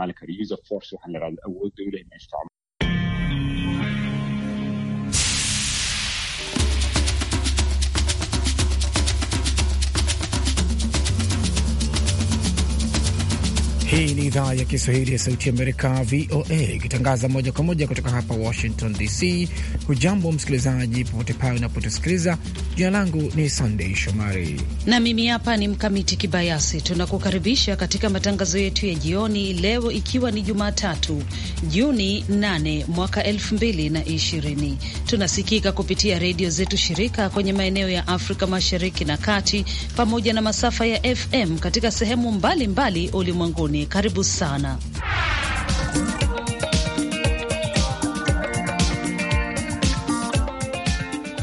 isticmaali karo user force waxaan la yidhahdo awoodda u leh inay isticmaalo idhaa ya Kiswahili ya Sauti ya Amerika, VOA, ikitangaza moja kwa moja kutoka hapa Washington DC. Hujambo msikilizaji, popote pale unapotusikiliza. Jina langu ni Sandei Shomari na mimi hapa ni Mkamiti Kibayasi. Tunakukaribisha katika matangazo yetu ya jioni leo, ikiwa ni Jumatatu Juni 8 mwaka 2020. Tunasikika kupitia redio zetu shirika kwenye maeneo ya Afrika Mashariki na Kati pamoja na masafa ya FM katika sehemu mbalimbali ulimwenguni. Karibu karibu sana.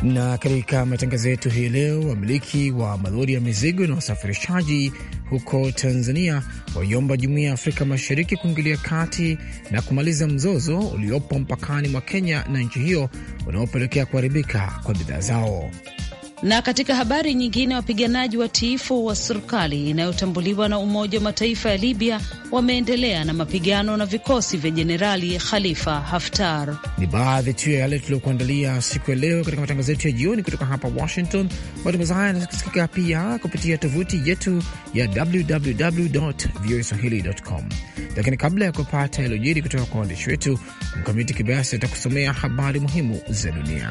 Na katika matangazo yetu hii leo, wamiliki wa malori ya mizigo na wasafirishaji huko Tanzania waiomba jumuiya ya Afrika Mashariki kuingilia kati na kumaliza mzozo uliopo mpakani mwa Kenya na nchi hiyo unaopelekea kuharibika kwa bidhaa zao. Na katika habari nyingine, wapiganaji watiifu wa serikali inayotambuliwa na Umoja wa Mataifa ya Libya wameendelea na mapigano na vikosi vya Jenerali Khalifa Haftar. Ni baadhi tu ya yale tuliokuandalia siku ya leo katika matangazo yetu ya jioni kutoka hapa Washington. Matangazo haya yanasikika pia kupitia tovuti yetu ya www voa swahilicom. Lakini kabla ya kupata yaliyojiri kutoka kwa waandishi wetu, Mkamiti Kibayasi atakusomea habari muhimu za dunia.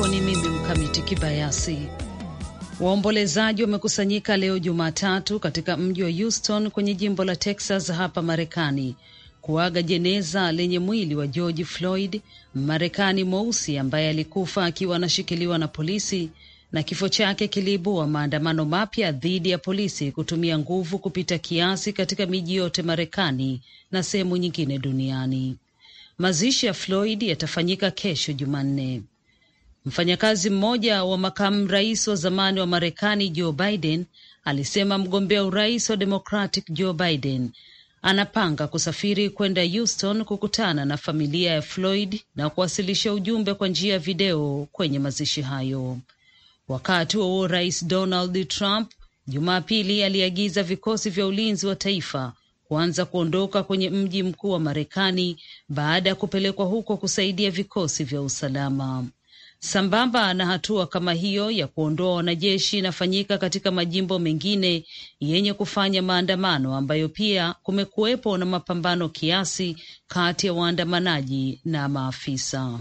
yako ni mimi Mkamiti Kibayasi. Waombolezaji wamekusanyika leo Jumatatu katika mji wa Houston kwenye jimbo la Texas hapa Marekani kuaga jeneza lenye mwili wa George Floyd, marekani mweusi ambaye alikufa akiwa anashikiliwa na polisi, na kifo chake kiliibua maandamano mapya dhidi ya polisi kutumia nguvu kupita kiasi katika miji yote Marekani na sehemu nyingine duniani. Mazishi ya Floyd yatafanyika kesho Jumanne. Mfanyakazi mmoja wa makamu rais wa zamani wa Marekani Joe Biden alisema mgombea urais wa Democratic Joe Biden anapanga kusafiri kwenda Houston kukutana na familia ya Floyd na kuwasilisha ujumbe kwa njia ya video kwenye mazishi hayo. Wakati huo rais Donald Trump Jumapili aliagiza vikosi vya ulinzi wa taifa kuanza kuondoka kwenye mji mkuu wa Marekani baada ya kupelekwa huko kusaidia vikosi vya usalama. Sambamba na hatua kama hiyo ya kuondoa wanajeshi inafanyika katika majimbo mengine yenye kufanya maandamano ambayo pia kumekuwepo na mapambano kiasi kati ya waandamanaji na maafisa.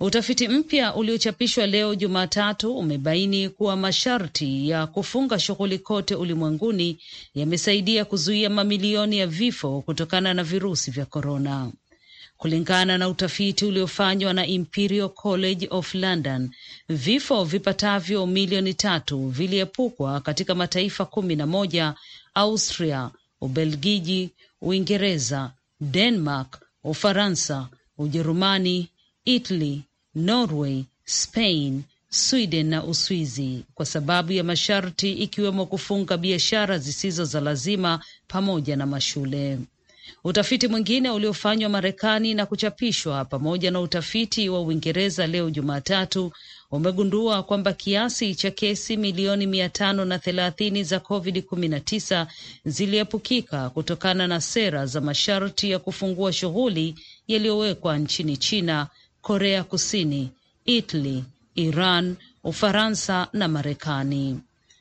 Utafiti mpya uliochapishwa leo Jumatatu umebaini kuwa masharti ya kufunga shughuli kote ulimwenguni yamesaidia kuzuia mamilioni ya vifo kutokana na virusi vya korona. Kulingana na utafiti uliofanywa na Imperial College of London, vifo vipatavyo milioni tatu viliepukwa katika mataifa kumi na moja: Austria, Ubelgiji, Uingereza, Denmark, Ufaransa, Ujerumani, Italy, Norway, Spain, Sweden na Uswizi kwa sababu ya masharti ikiwemo kufunga biashara zisizo za lazima pamoja na mashule. Utafiti mwingine uliofanywa Marekani na kuchapishwa pamoja na utafiti wa Uingereza leo Jumatatu umegundua kwamba kiasi cha kesi milioni mia tano na thelathini za COVID-19 ziliepukika kutokana na sera za masharti ya kufungua shughuli yaliyowekwa nchini China, Korea Kusini, Italy, Iran, Ufaransa na Marekani.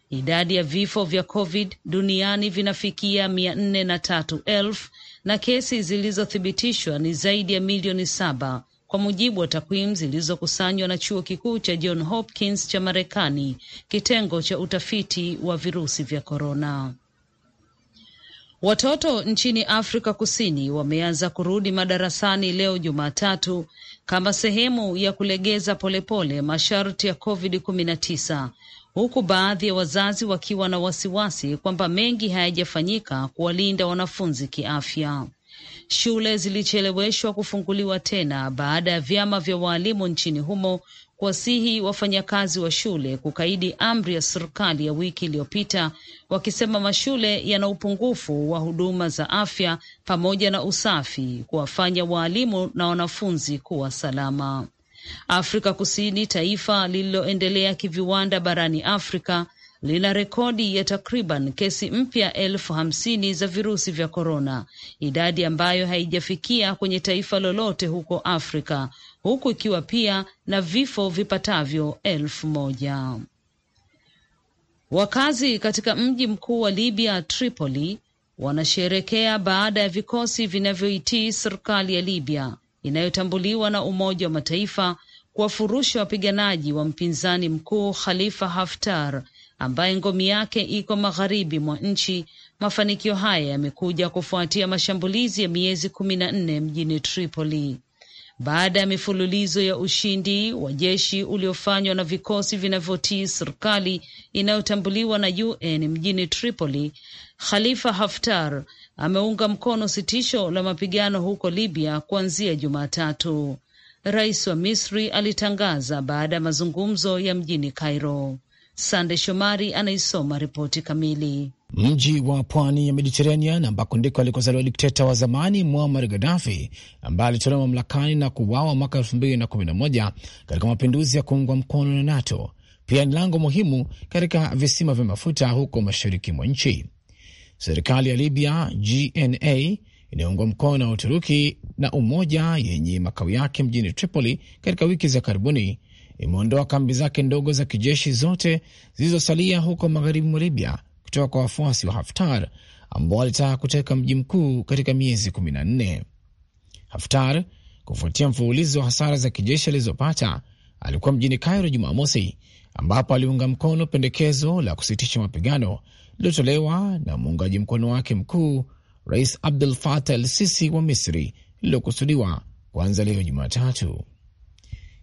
Idadi ya vifo vya COVID duniani vinafikia mia nne na tatu elfu na kesi zilizothibitishwa ni zaidi ya milioni saba kwa mujibu wa takwimu zilizokusanywa na chuo kikuu cha John Hopkins cha Marekani, kitengo cha utafiti wa virusi vya korona. Watoto nchini Afrika Kusini wameanza kurudi madarasani leo Jumatatu kama sehemu ya kulegeza polepole masharti ya COVID-19 huku baadhi ya wazazi wakiwa na wasiwasi kwamba mengi hayajafanyika kuwalinda wanafunzi kiafya. Shule zilicheleweshwa kufunguliwa tena baada ya vyama vya waalimu nchini humo kuwasihi wafanyakazi wa shule kukaidi amri ya serikali ya wiki iliyopita, wakisema mashule yana upungufu wa huduma za afya pamoja na usafi, kuwafanya waalimu na wanafunzi kuwa salama. Afrika Kusini, taifa lililoendelea kiviwanda barani Afrika, lina rekodi ya takriban kesi mpya elfu hamsini za virusi vya korona, idadi ambayo haijafikia kwenye taifa lolote huko Afrika, huku ikiwa pia na vifo vipatavyo elfu moja. Wakazi katika mji mkuu wa Libya, Tripoli, wanasherekea baada ya vikosi vinavyoitii serikali ya Libya inayotambuliwa na Umoja wa Mataifa kuwafurusha wapiganaji wa mpinzani mkuu Khalifa Haftar ambaye ngome yake iko magharibi mwa nchi. Mafanikio haya yamekuja kufuatia mashambulizi ya miezi kumi na nne mjini Tripoli baada ya mifululizo ya ushindi wa jeshi uliofanywa na vikosi vinavyotii serikali inayotambuliwa na UN mjini Tripoli. Khalifa Haftar ameunga mkono sitisho la mapigano huko Libya kuanzia Jumatatu. Rais wa Misri alitangaza baada ya mazungumzo ya mjini Cairo. Sande Shomari anaisoma ripoti kamili. Mji wa pwani ya Mediterranean ambako ndiko alikozaliwa dikteta wa zamani Muammar Gaddafi ambaye alitolewa mamlakani na kuuawa mwaka 2011 katika mapinduzi ya kuungwa mkono na NATO pia ni lango muhimu katika visima vya mafuta huko mashariki mwa nchi. Serikali ya Libya GNA inayoungwa mkono na Uturuki na Umoja yenye makao yake mjini Tripoli, katika wiki za karibuni imeondoa kambi zake ndogo za kijeshi zote zilizosalia huko magharibi mwa Libya kutoka kwa wafuasi wa Haftar ambao walitaka kuteka mji mkuu katika miezi kumi na nne. Haftar, kufuatia mfululizo wa hasara za kijeshi alizopata, alikuwa mjini Cairo Jumamosi, ambapo aliunga mkono pendekezo la kusitisha mapigano lililotolewa na muungaji mkono wake mkuu Rais Abdul Fatah al Sisi wa Misri lililokusudiwa kuanza leo Jumatatu.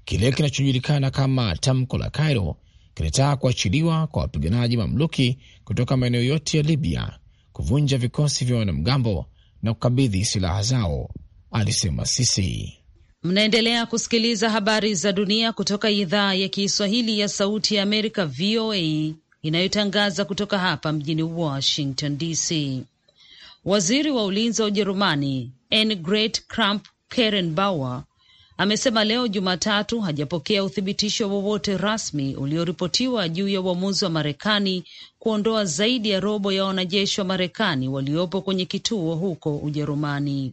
Kile kinachojulikana kama tamko la Cairo kinataka kuachiliwa kwa wapiganaji mamluki kutoka maeneo yote ya Libya, kuvunja vikosi vya wanamgambo na kukabidhi silaha zao, alisema Sisi. Mnaendelea kusikiliza habari za dunia kutoka idhaa ya Kiswahili ya Sauti ya Amerika, VOA, inayotangaza kutoka hapa mjini Washington DC. Waziri wa ulinzi wa Ujerumani Annegret Kramp-Karrenbauer amesema leo Jumatatu hajapokea uthibitisho wowote rasmi ulioripotiwa juu ya uamuzi wa Marekani kuondoa zaidi ya robo ya wanajeshi wa Marekani waliopo kwenye kituo huko Ujerumani.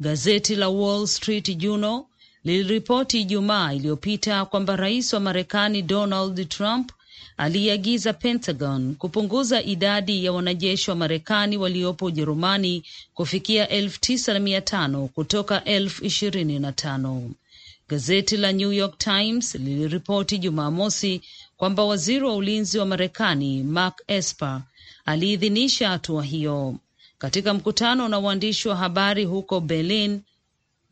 Gazeti la Wall Street Journal liliripoti Ijumaa iliyopita kwamba rais wa Marekani Donald Trump aliyeagiza Pentagon kupunguza idadi ya wanajeshi wa Marekani waliopo Ujerumani kufikia elfu tisa na mia tano kutoka elfu ishirini na tano. Gazeti la New York Times liliripoti Jumamosi kwamba waziri wa ulinzi wa Marekani Mark Esper aliidhinisha hatua hiyo katika mkutano na waandishi wa habari huko Berlin.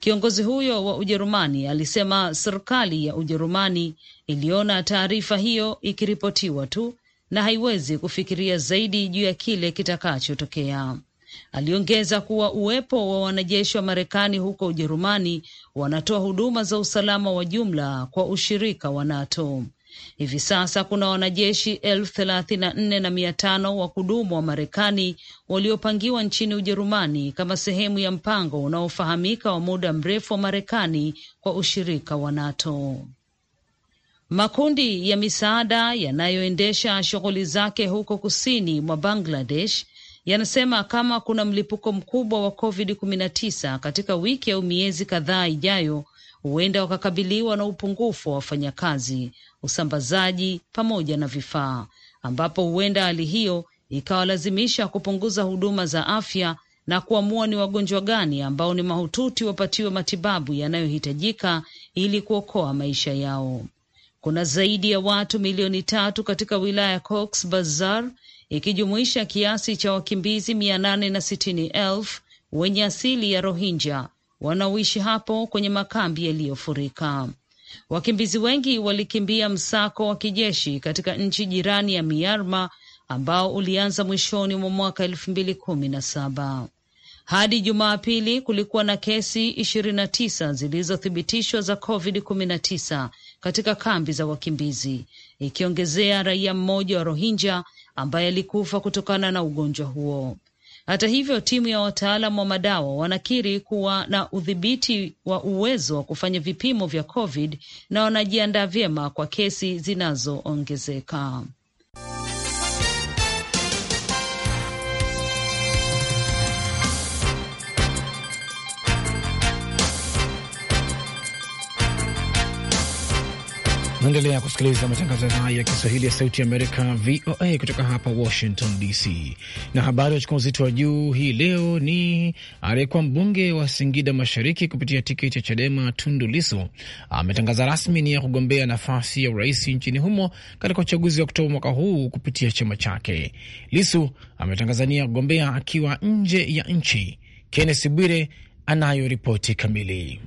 Kiongozi huyo wa Ujerumani alisema serikali ya Ujerumani iliona taarifa hiyo ikiripotiwa tu na haiwezi kufikiria zaidi juu ya kile kitakachotokea. Aliongeza kuwa uwepo wa wanajeshi wa Marekani huko Ujerumani wanatoa huduma za usalama wa jumla kwa ushirika wa NATO. Hivi sasa kuna wanajeshi elfu thelathini na nne na mia tano wa kudumu wa Marekani waliopangiwa nchini Ujerumani kama sehemu ya mpango unaofahamika wa muda mrefu wa Marekani kwa ushirika wa NATO. Makundi ya misaada yanayoendesha shughuli zake huko kusini mwa Bangladesh yanasema kama kuna mlipuko mkubwa wa COVID-19 katika wiki au miezi kadhaa ijayo, huenda wakakabiliwa na upungufu wa wafanyakazi, usambazaji pamoja na vifaa, ambapo huenda hali hiyo ikawalazimisha kupunguza huduma za afya na kuamua ni wagonjwa gani ambao ni mahututi wapatiwe matibabu yanayohitajika ili kuokoa maisha yao. Kuna zaidi ya watu milioni tatu katika wilaya ya Cox Bazar ikijumuisha kiasi cha wakimbizi mia nane na sitini elfu wenye asili ya Rohingya wanaoishi hapo kwenye makambi yaliyofurika. Wakimbizi wengi walikimbia msako wa kijeshi katika nchi jirani ya Myanmar ambao ulianza mwishoni mwa mwaka elfu mbili kumi na saba. Hadi Jumapili kulikuwa na kesi ishirini na tisa zilizothibitishwa za COVID kumi katika kambi za wakimbizi ikiongezea raia mmoja wa Rohingya ambaye alikufa kutokana na ugonjwa huo. Hata hivyo, timu ya wataalam wa madawa wanakiri kuwa na udhibiti wa uwezo wa kufanya vipimo vya COVID na wanajiandaa vyema kwa kesi zinazoongezeka. Naendelea kusikiliza matangazo ya idhaa ya Kiswahili ya Sauti ya Amerika, VOA, kutoka hapa Washington DC. Na habari wachukua uzito wa juu hii leo ni aliyekuwa mbunge wa Singida Mashariki kupitia tiketi ya CHADEMA Tundu Lisu ametangaza rasmi nia ya kugombea nafasi ya urais nchini humo katika uchaguzi wa Oktoba mwaka huu kupitia chama chake. Lisu ametangaza nia ya kugombea akiwa nje ya nchi. kennes Bwire anayo ripoti kamili.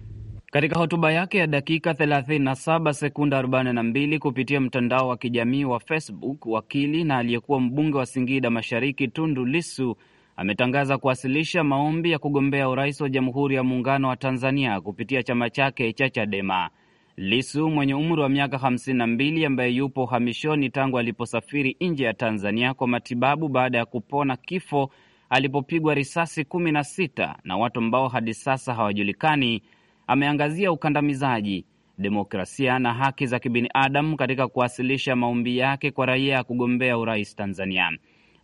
Katika hotuba yake ya dakika 37 sekunda 42 kupitia mtandao wa kijamii wa Facebook, wakili na aliyekuwa mbunge wa Singida Mashariki Tundu lisu ametangaza kuwasilisha maombi ya kugombea urais wa Jamhuri ya Muungano wa Tanzania kupitia chama chake cha Chadema. lisu mwenye umri wa miaka 52 ambaye yupo uhamishoni tangu aliposafiri nje ya Tanzania kwa matibabu baada ya kupona kifo alipopigwa risasi 16 na watu ambao hadi sasa hawajulikani ameangazia ukandamizaji, demokrasia na haki za kibinadamu katika kuwasilisha maombi yake kwa raia ya kugombea urais Tanzania.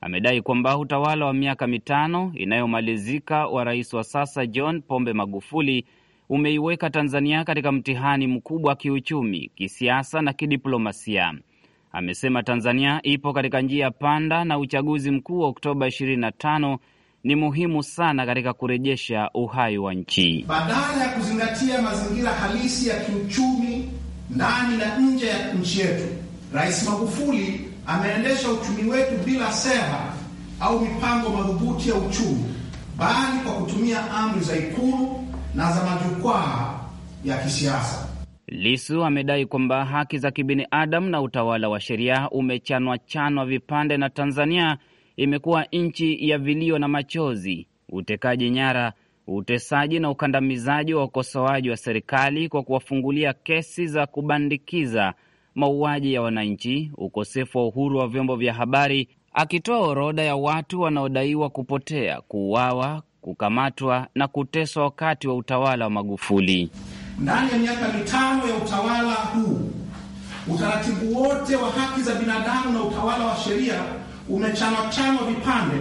Amedai kwamba utawala wa miaka mitano inayomalizika wa rais wa sasa John Pombe Magufuli umeiweka Tanzania katika mtihani mkubwa wa kiuchumi, kisiasa na kidiplomasia. Amesema Tanzania ipo katika njia panda na uchaguzi mkuu wa Oktoba 25 ni muhimu sana katika kurejesha uhai wa nchi. Badala ya kuzingatia mazingira halisi ya kiuchumi ndani na nje ya nchi yetu, Rais Magufuli ameendesha uchumi wetu bila sera au mipango madhubuti ya uchumi, bali kwa kutumia amri za Ikulu na za majukwaa ya kisiasa. Lisu amedai kwamba haki za kibinadamu na utawala wa sheria umechanwa chanwa vipande na Tanzania imekuwa nchi ya vilio na machozi, utekaji nyara, utesaji na ukandamizaji wa ukosoaji wa serikali kwa kuwafungulia kesi za kubandikiza, mauaji ya wananchi, ukosefu wa uhuru wa vyombo vya habari, akitoa orodha ya watu wanaodaiwa kupotea, kuuawa, kukamatwa na kuteswa wakati wa utawala wa Magufuli. Ndani ya miaka mitano ya utawala huu, utaratibu wote wa haki za binadamu na utawala wa sheria umechanwa chanwa vipande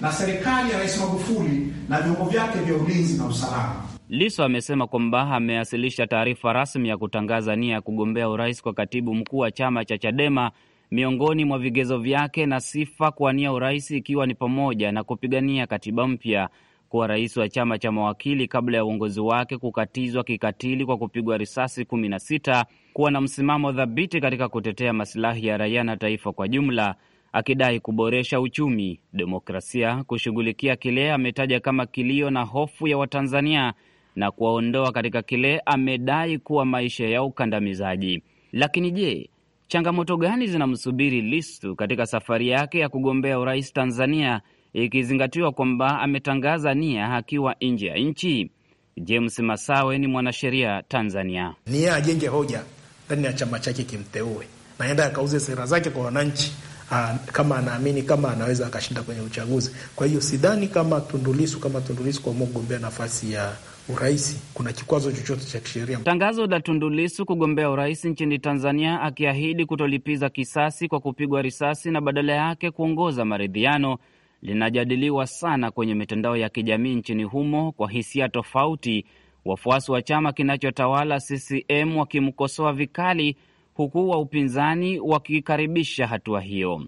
na serikali ya Rais Magufuli na vyombo vyake vya ulinzi na usalama. Liso amesema kwamba amewasilisha taarifa rasmi ya kutangaza nia ya kugombea urais kwa katibu mkuu wa chama cha Chadema, miongoni mwa vigezo vyake na sifa kuwania urais ikiwa ni pamoja na kupigania katiba mpya, kuwa rais wa chama cha mawakili kabla ya uongozi wake kukatizwa kikatili kwa kupigwa risasi kumi na sita, kuwa na msimamo dhabiti katika kutetea masilahi ya raia na taifa kwa jumla akidai kuboresha uchumi, demokrasia, kushughulikia kile ametaja kama kilio na hofu ya Watanzania na kuwaondoa katika kile amedai kuwa maisha ya ukandamizaji. Lakini je, changamoto gani zinamsubiri listu katika safari yake ya kugombea urais Tanzania, ikizingatiwa kwamba ametangaza nia akiwa nje ya nchi? James Masawe ni mwanasheria Tanzania. Nia ajenge hoja ndani ya chama chake kimteue, naenda akauze sera zake kwa wananchi Ah, kama anaamini kama anaweza akashinda kwenye uchaguzi. Kwa hiyo sidhani kama Tundulisu kama Tundulisu kuamua kugombea nafasi ya urais kuna kikwazo chochote cha kisheria. Tangazo la Tundulisu kugombea urais nchini Tanzania, akiahidi kutolipiza kisasi kwa kupigwa risasi na badala yake kuongoza maridhiano, linajadiliwa sana kwenye mitandao ya kijamii nchini humo kwa hisia tofauti, wafuasi wa chama kinachotawala CCM wakimkosoa vikali huku wa upinzani wakikaribisha hatua hiyo.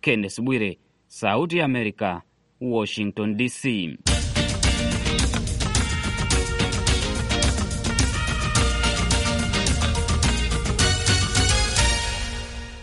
Kenneth Bwire, Sauti ya Amerika, Washington DC.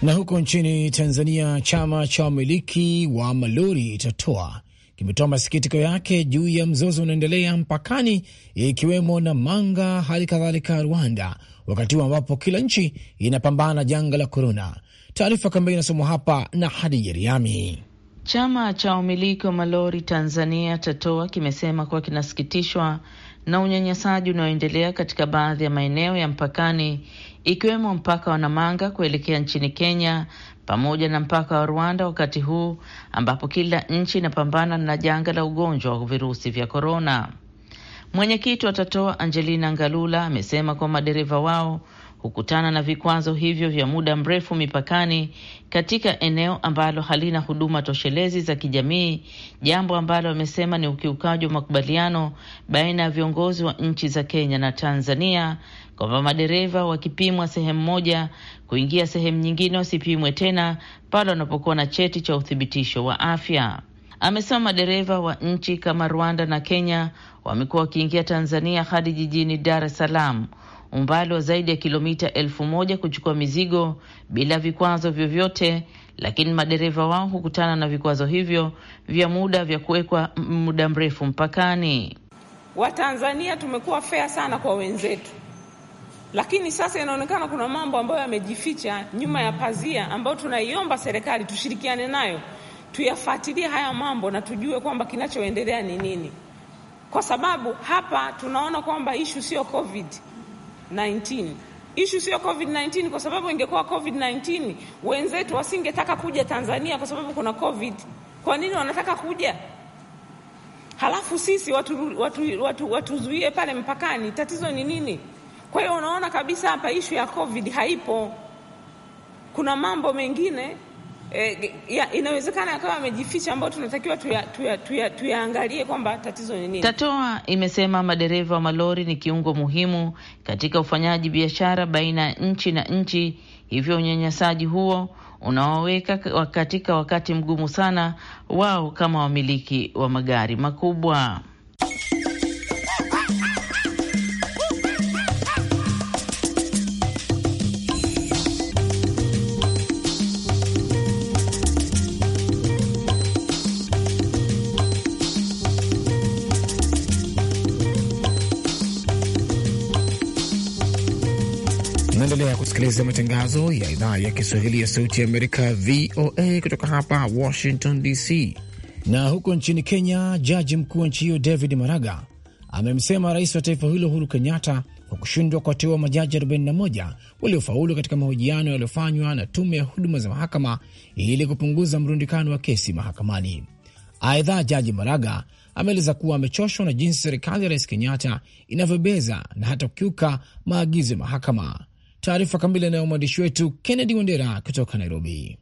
Na huko nchini Tanzania, chama cha wamiliki wa malori itatoa kimetoa masikitiko yake juu ya mzozo unaendelea mpakani, ikiwemo na Manga, hali kadhalika Rwanda, wakati huu ambapo kila nchi inapambana na janga la korona. Taarifa kamili inasomwa hapa na Hadija Riami. Chama cha umiliki wa malori Tanzania TATOA kimesema kuwa kinasikitishwa na unyanyasaji unaoendelea katika baadhi ya maeneo ya mpakani ikiwemo mpaka wa Namanga kuelekea nchini Kenya pamoja na mpaka wa Rwanda wakati huu ambapo kila nchi inapambana na janga la ugonjwa wa virusi vya korona. Mwenyekiti wa Tatoa Angelina Ngalula amesema kwa madereva wao hukutana na vikwazo hivyo vya muda mrefu mipakani katika eneo ambalo halina huduma toshelezi za kijamii, jambo ambalo wamesema ni ukiukaji wa makubaliano baina ya viongozi wa nchi za Kenya na Tanzania kwamba madereva wakipimwa sehemu moja kuingia sehemu nyingine wasipimwe tena pale wanapokuwa na cheti cha uthibitisho wa afya. Amesema madereva wa nchi kama Rwanda na Kenya wamekuwa wakiingia Tanzania hadi jijini Dar es Salaam umbali wa zaidi ya kilomita elfu moja kuchukua mizigo bila vikwazo vyovyote, lakini madereva wao hukutana na vikwazo hivyo vya muda vya kuwekwa muda mrefu mpakani. Watanzania tumekuwa fea sana kwa wenzetu, lakini sasa inaonekana kuna mambo ambayo yamejificha nyuma ya pazia, ambayo tunaiomba serikali tushirikiane nayo tuyafuatilie haya mambo na tujue kwamba kinachoendelea ni nini, kwa sababu hapa tunaona kwamba ishu sio COVID Ishu sio COVID-19 kwa sababu ingekuwa COVID-19 wenzetu wasingetaka kuja Tanzania kwa sababu kuna COVID. Kwa nini wanataka kuja? Halafu sisi watuzuie watu, watu, watu pale mpakani, tatizo ni nini? Kwa hiyo unaona kabisa hapa ishu ya COVID haipo. Kuna mambo mengine Eh, ya, inawezekana akawa amejificha, ambao tunatakiwa tuyaangalie tuya, tuya, tuya kwamba tatizo ni nini. Tatoa imesema madereva wa malori ni kiungo muhimu katika ufanyaji biashara baina ya nchi na nchi, hivyo unyanyasaji huo unaoweka katika wakati mgumu sana wao kama wamiliki wa magari makubwa. kusikiliza matangazo ya idhaa ya Kiswahili ya Sauti ya Amerika, VOA, kutoka hapa Washington DC. Na huko nchini Kenya, jaji mkuu wa nchi hiyo David Maraga amemsema rais wa taifa hilo Uhuru Kenyatta kwa kushindwa kuwateua majaji 41 waliofaulu katika mahojiano yaliyofanywa na tume ya huduma za mahakama ili kupunguza mrundikano wa kesi mahakamani. Aidha, jaji Maraga ameeleza kuwa amechoshwa na jinsi serikali ya rais Kenyatta inavyobeza na hata kukiuka maagizo ya mahakama. Taarifa kamili anayo mwandishi wetu Kennedy Wendera kutoka Nairobi.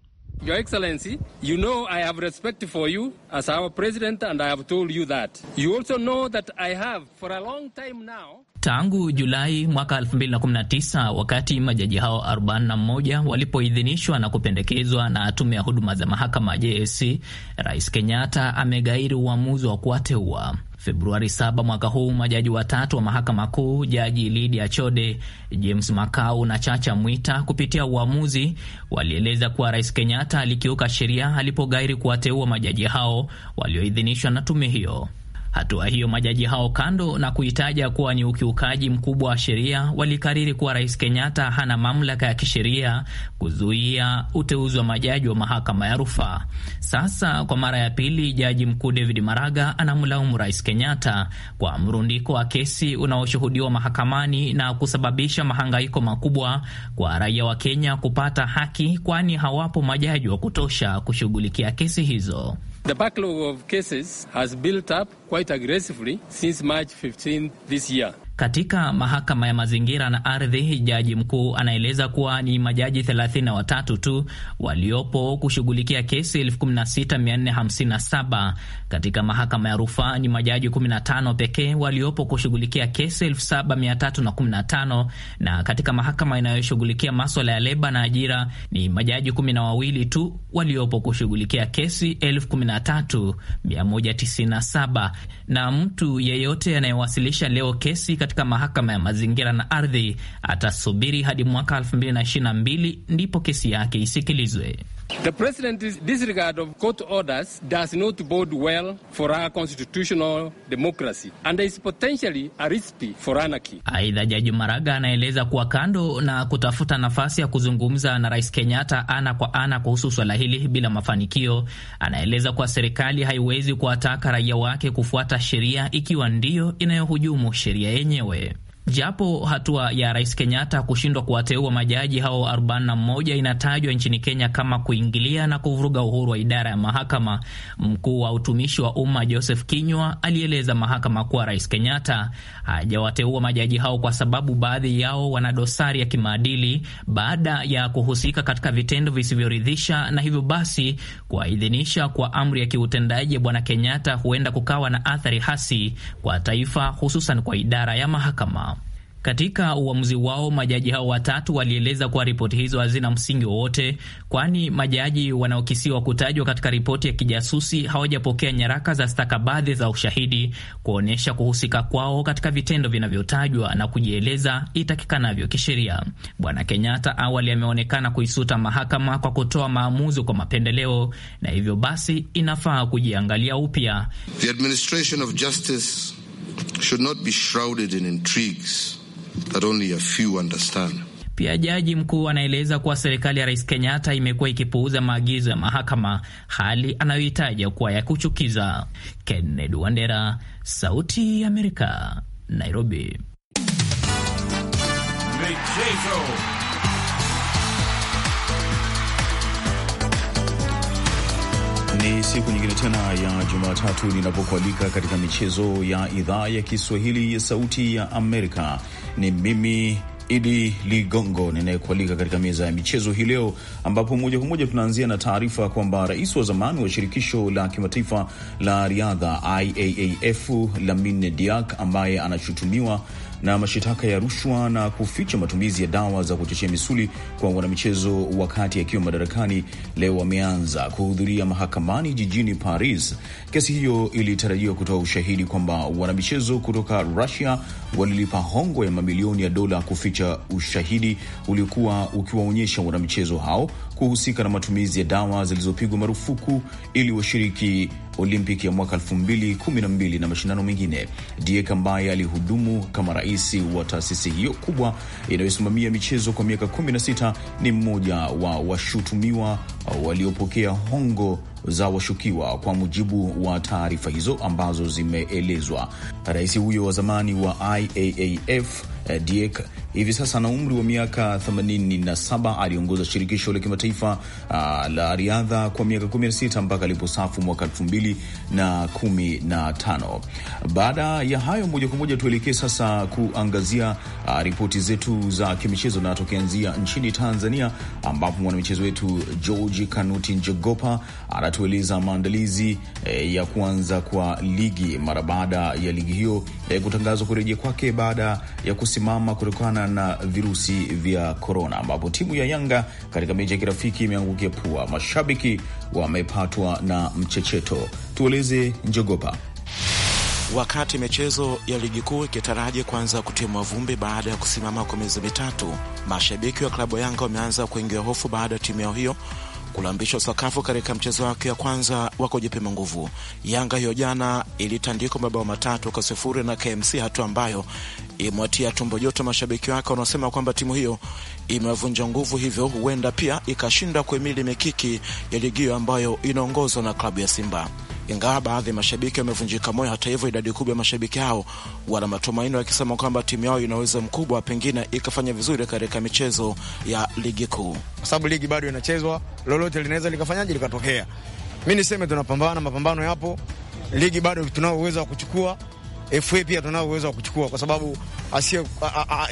Your Excellency, you know I have respect for you as our president and I have told you that. You also know that I have for a long time now Tangu Julai mwaka 2019 wakati majaji hao 41 walipoidhinishwa na kupendekezwa na tume ya huduma za mahakama JSC, Rais Kenyatta amegairi uamuzi wa kuwateua. Februari 7 mwaka huu majaji watatu wa mahakama kuu, Jaji Lydia Chode, James Makau na Chacha Mwita, kupitia uamuzi walieleza kuwa Rais Kenyatta alikiuka sheria alipogairi kuwateua majaji hao walioidhinishwa na tume hiyo. Hatua hiyo majaji hao, kando na kuitaja kuwa ni ukiukaji mkubwa wa sheria, walikariri kuwa Rais Kenyatta hana mamlaka ya kisheria kuzuia uteuzi wa majaji wa mahakama ya rufaa. Sasa kwa mara ya pili, jaji mkuu David Maraga anamlaumu Rais Kenyatta kwa mrundiko wa kesi unaoshuhudiwa mahakamani na kusababisha mahangaiko makubwa kwa raia wa Kenya kupata haki, kwani hawapo majaji wa kutosha kushughulikia kesi hizo. The backlog of cases has built up quite aggressively since March 15 this year. Katika mahakama ya mazingira na ardhi, jaji mkuu anaeleza kuwa ni majaji 33 tu waliopo kushughulikia kesi 16457. Katika mahakama ya rufaa ni majaji 15 pekee waliopo kushughulikia kesi 7315, na katika mahakama inayoshughulikia maswala ya leba na ajira ni majaji 12 tu waliopo kushughulikia kesi 13197, na mtu yeyote anayewasilisha leo kesi katika mahakama ya mazingira na ardhi atasubiri hadi mwaka 2022 ndipo kesi yake isikilizwe. The president's disregard of court orders does not bode well for our constitutional democracy and is potentially a recipe for anarchy. Aidha, Jaji Maraga anaeleza kuwa kando na kutafuta nafasi ya kuzungumza na Rais Kenyatta ana kwa ana kuhusu swala hili bila mafanikio, anaeleza kuwa serikali haiwezi kuwataka raia wake kufuata sheria ikiwa ndiyo inayohujumu sheria yenyewe. Japo hatua ya Rais Kenyatta kushindwa kuwateua majaji hao 41 inatajwa nchini Kenya kama kuingilia na kuvuruga uhuru wa idara ya mahakama, mkuu wa utumishi wa umma Joseph Kinyua alieleza mahakama kuwa Rais Kenyatta hajawateua majaji hao kwa sababu baadhi yao wana dosari ya kimaadili baada ya kuhusika katika vitendo visivyoridhisha, na hivyo basi kuwaidhinisha kwa, kwa amri ya kiutendaji ya Bwana Kenyatta huenda kukawa na athari hasi kwa taifa, hususan kwa idara ya mahakama. Katika uamuzi wao majaji hao watatu walieleza kuwa ripoti hizo hazina msingi wowote, kwani majaji wanaokisiwa kutajwa katika ripoti ya kijasusi hawajapokea nyaraka za stakabadhi za ushahidi kuonyesha kuhusika kwao katika vitendo vinavyotajwa na kujieleza itakikanavyo kisheria. Bwana Kenyatta awali ameonekana kuisuta mahakama kwa kutoa maamuzi kwa mapendeleo, na hivyo basi inafaa kujiangalia upya. The administration of justice should not be shrouded in intrigues that only a few understand. Pia jaji mkuu anaeleza kuwa serikali ya Rais Kenyatta imekuwa ikipuuza maagizo ya mahakama, hali anayohitaja kuwa ya kuchukiza. Kennedy Wandera, Sauti ya Amerika, Nairobi. Michezo. Ni siku nyingine tena ya Jumatatu ninapokualika katika michezo ya idhaa ya Kiswahili ya Sauti ya Amerika. Ni mimi Idi Ligongo ninayekualika katika meza ya michezo hii leo, ambapo moja kwa moja tunaanzia na taarifa kwamba rais wa zamani wa shirikisho la kimataifa la riadha IAAF Lamine Diak ambaye anashutumiwa na mashitaka ya rushwa na kuficha matumizi ya dawa za kuchochea misuli kwa wanamichezo wakati akiwa madarakani, leo ameanza kuhudhuria mahakamani jijini Paris. Kesi hiyo ilitarajiwa kutoa ushahidi kwamba wanamichezo kutoka Rusia walilipa hongo ya mamilioni ya dola kuficha ushahidi uliokuwa ukiwaonyesha wanamichezo hao kuhusika na matumizi ya dawa zilizopigwa marufuku ili washiriki Olimpiki ya mwaka 2012 na mashindano mengine. Dick ambaye alihudumu kama rais wa taasisi hiyo kubwa inayosimamia michezo kwa miaka 16 ni mmoja wa washutumiwa waliopokea hongo za washukiwa, kwa mujibu wa taarifa hizo ambazo zimeelezwa. Rais huyo wa zamani wa IAAF eh, Diek hivi sasa na umri wa miaka 87 aliongoza shirikisho la kimataifa uh, la riadha kwa miaka 16 mpaka aliposafu mwaka 2015. Baada ya hayo, moja kwa moja tuelekee sasa kuangazia uh, ripoti zetu za kimichezo, na tukianzia nchini Tanzania ambapo mwanamichezo wetu George Kanuti Njogopa ana tueleza maandalizi e, ya kuanza kwa ligi mara baada ya ligi hiyo e, kutangazwa kurejea kwake baada ya kusimama kutokana na virusi vya korona, ambapo timu ya Yanga katika mechi ya kirafiki imeangukia pua. Mashabiki wamepatwa na mchecheto. Tueleze Njogopa. Wakati michezo ya ligi kuu ikitaraji kuanza kutimwa vumbi baada ya kusimama kwa miezi mitatu, mashabiki wa klabu Yanga wameanza kuingia hofu baada ya timu yao hiyo kulambishwa sakafu katika mchezo wake wa kwanza wa kujipima nguvu. Yanga hiyo jana ilitandikwa mabao matatu kwa sifuri na KMC, hatua ambayo imewatia tumbo joto mashabiki wake wanaosema kwamba timu hiyo imevunja nguvu, hivyo huenda pia ikashinda kuhimili mikiki ya ligio ambayo inaongozwa na klabu ya Simba ingawa baadhi ya mashabiki wamevunjika moyo. Hata hivyo, idadi kubwa ya mashabiki hao wana matumaini, wakisema kwamba timu yao ina uwezo mkubwa, pengine ikafanya vizuri katika michezo ya ligi kuu, kwa sababu ligi bado inachezwa, lolote linaweza likafanyaje likatokea. Mi niseme tunapambana, mapambano yapo, ligi bado tunao uwezo wa kuchukua FA pia tunao uwezo wa kuchukua kwa sababu asiye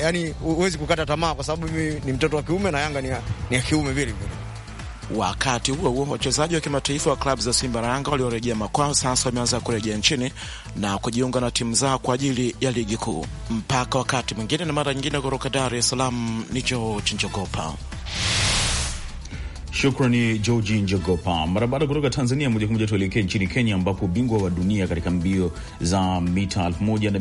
yani, huwezi kukata tamaa, kwa sababu mimi ni mtoto wa kiume na Yanga ni ya kiume vile vile. Wakati huo huo, wachezaji wa kimataifa wa klabu za Simba na Yanga waliorejea makwao sasa wameanza kurejea nchini na kujiunga na timu zao kwa ajili ya ligi kuu. Mpaka wakati mwingine na mara nyingine, kutoka Dar es Salaam ni George Njogopa. Shukrani Georgi Njogopa. Mara baada kutoka Tanzania, moja kwa moja tuelekee nchini Kenya, ambapo bingwa wa dunia katika mbio za mita elfu moja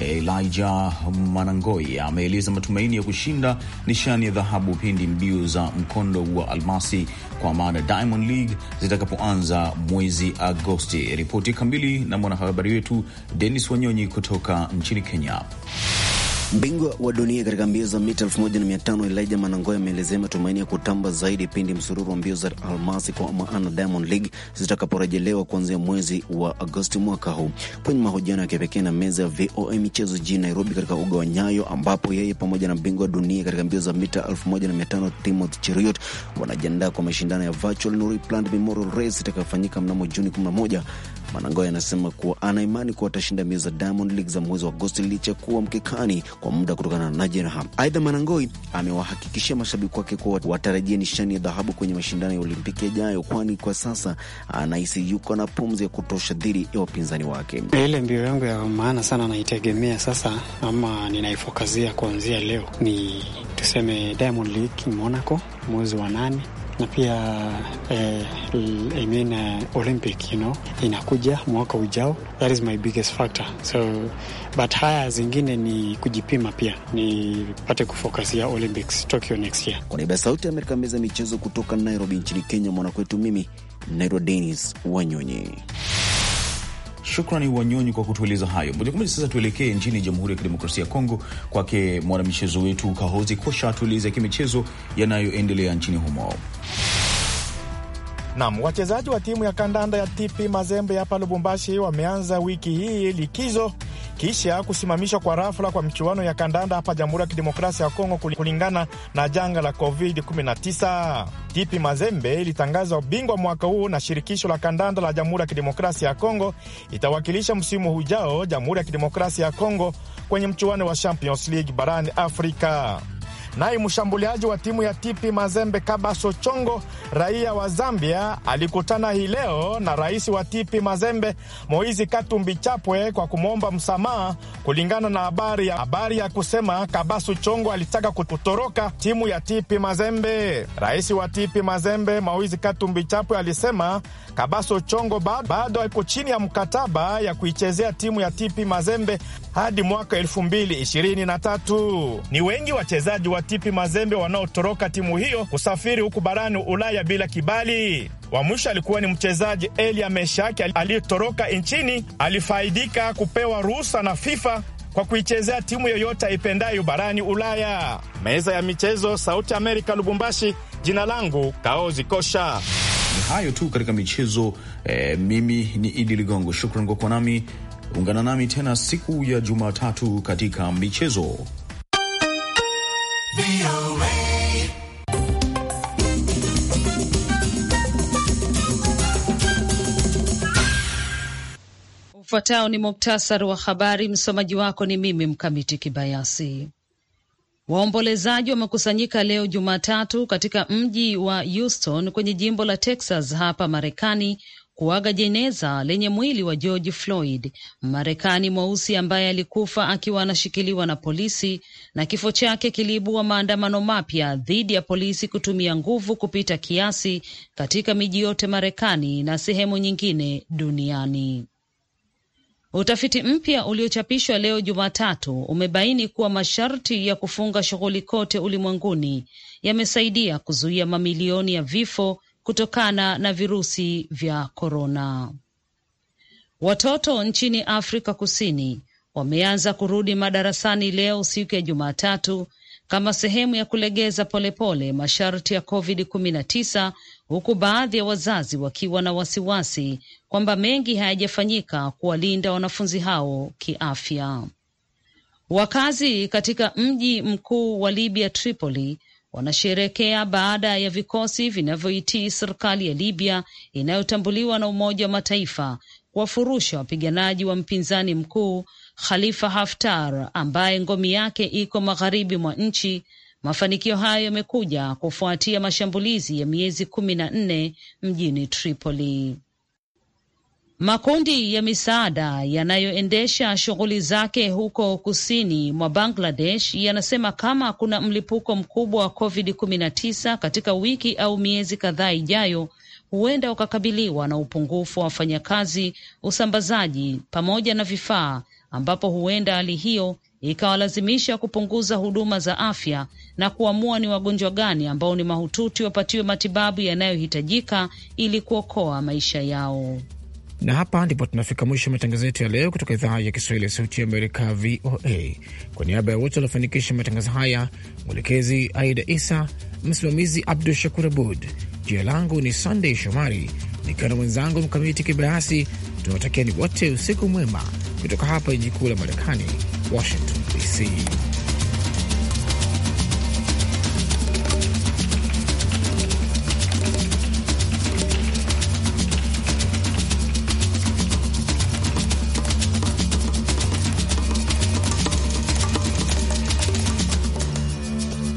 Elijah Manangoi ameeleza matumaini ya kushinda nishani ya dhahabu pindi mbio za mkondo wa almasi kwa maana Diamond League zitakapoanza mwezi Agosti. Ripoti kamili na mwanahabari wetu Denis Wanyonyi kutoka nchini Kenya. Bingwa wa dunia katika mbio za mita 1500 Elijah Manangoya ameelezea matumaini ya kutamba zaidi pindi msururu wa mbio za almasi kwa maana Diamond League zitakaporejelewa kuanzia mwezi wa Agosti mwaka huu. Kwenye mahojiano ya kipekee na meza ya VOA michezo jijini Nairobi katika uga wa Nyayo, ambapo yeye pamoja na bingwa wa dunia katika mbio za mita 1500 Timothy Cheruiyot wanajiandaa kwa mashindano ya Virtual Nuri Plant Memorial Race itakayofanyika mnamo Juni 11 Manangoya anasema kuwa anaimani kuwa atashinda mbio za Diamond League za mwezi wa Agosti licha kuwa mkekani kwa muda kutokana na majeraha. Aidha, Manangoi amewahakikishia mashabiki wake kuwa watarajia nishani ya dhahabu kwenye mashindano ya Olimpiki yajayo, kwani kwa sasa anahisi yuko na pumzi ya kutosha dhidi ya wapinzani wake. Ile mbio yangu ya maana sana naitegemea sasa, ama ninaifokazia kuanzia leo ni tuseme Diamond League Monaco mwezi wa nane na pia eh, I mean, uh, Olympic you know, inakuja mwaka ujao, that is my biggest factor so, but haya zingine ni kujipima pia nipate kufokasia Olympics Tokyo next year. Kwa niaba ya Sauti ya Amerika, meza michezo kutoka Nairobi nchini Kenya, mwanakwetu mimi Nairo Denis Wanyonyi. Shukrani Wanyonyi kwa kutueleza hayo. Moja kwa moja sasa tuelekee nchini Jamhuri ya Kidemokrasia ya Kongo, kwake mwanamichezo wetu Kahozi Kosha atueleze kimichezo yanayoendelea nchini humo. Nam, wachezaji wa timu ya kandanda ya TP Mazembe hapa Lubumbashi wameanza wiki hii likizo kisha kusimamishwa kwa rafla kwa michuano ya kandanda hapa Jamhuri ya Kidemokrasia ya Kongo kulingana na janga la COVID-19. Tipi Mazembe ilitangaza ubingwa mwaka huu na shirikisho la kandanda la Jamhuri ya Kidemokrasia ya Kongo itawakilisha msimu hujao Jamhuri ya Kidemokrasia ya Kongo kwenye mchuano wa Champions League barani Afrika. Naye mshambuliaji wa timu ya TP Mazembe Kabaso Chongo, raia wa Zambia, alikutana hii leo na rais wa TP Mazembe Moizi Katumbi Chapwe kwa kumwomba msamaha, kulingana na habari ya, habari ya kusema Kabaso Chongo alitaka kutoroka timu ya TP Mazembe. Rais wa TP Mazembe Moizi Katumbi Chapwe alisema Kabaso Chongo bado iko chini ya mkataba ya kuichezea timu ya TP Mazembe hadi mwaka tatu. Ni wengi wachezaji wa Tipi Mazembe wanaotoroka timu hiyo kusafiri huku barani Ulaya bila kibali. Wa mwisho alikuwa ni mchezaji Elia Meshaki aliyetoroka nchini, alifaidika kupewa ruhusa na FIFA kwa kuichezea timu yoyote aipendayo barani Ulaya. Meza ya michezo, Sauti Amerika, Lubumbashi. Jina langu Kaozi Kosha. Ni hayo tu katika michezo. Eh, mimi ni Idi Ligongo, shukran kwa kuwa nami Ungana nami tena siku ya Jumatatu katika michezo Ufuatao ni muktasari wa habari. Msomaji wako ni mimi Mkamiti Kibayasi. Waombolezaji wamekusanyika leo Jumatatu katika mji wa Houston kwenye jimbo la Texas hapa Marekani, kuaga jeneza lenye mwili wa George Floyd, Mmarekani mweusi ambaye alikufa akiwa anashikiliwa na polisi, na kifo chake kiliibua maandamano mapya dhidi ya polisi kutumia nguvu kupita kiasi katika miji yote Marekani na sehemu nyingine duniani. Utafiti mpya uliochapishwa leo Jumatatu umebaini kuwa masharti ya kufunga shughuli kote ulimwenguni yamesaidia kuzuia mamilioni ya vifo kutokana na virusi vya korona. Watoto nchini Afrika Kusini wameanza kurudi madarasani leo siku ya Jumatatu kama sehemu ya kulegeza polepole masharti ya COVID-19 huku baadhi ya wazazi wakiwa na wasiwasi kwamba mengi hayajafanyika kuwalinda wanafunzi hao kiafya. Wakazi katika mji mkuu wa Libya Tripoli wanasherekea baada ya vikosi vinavyoitii serikali ya Libya inayotambuliwa na Umoja wa Mataifa kuwafurusha wapiganaji wa mpinzani mkuu Khalifa Haftar ambaye ngome yake iko magharibi mwa nchi. Mafanikio hayo yamekuja kufuatia mashambulizi ya miezi kumi na nne mjini Tripoli. Makundi ya misaada yanayoendesha shughuli zake huko kusini mwa Bangladesh yanasema kama kuna mlipuko mkubwa wa COVID-19 katika wiki au miezi kadhaa ijayo, huenda ukakabiliwa na upungufu wa wafanyakazi, usambazaji pamoja na vifaa, ambapo huenda hali hiyo ikawalazimisha kupunguza huduma za afya na kuamua ni wagonjwa gani ambao ni mahututi wapatiwe matibabu yanayohitajika ili kuokoa maisha yao. Na hapa ndipo tunafika mwisho matangazo yetu ya leo kutoka idhaa ya Kiswahili ya Sauti ya Amerika, VOA. Kwa niaba ya wote waliofanikisha matangazo haya, mwelekezi Aida Isa, msimamizi Abdu Shakur Abud, jina langu ni Sandey Shomari nikiwa na mwenzangu Mkamiti Kibayasi, tunawatakia ni wote usiku mwema kutoka hapa jiji kuu la Marekani, Washington DC.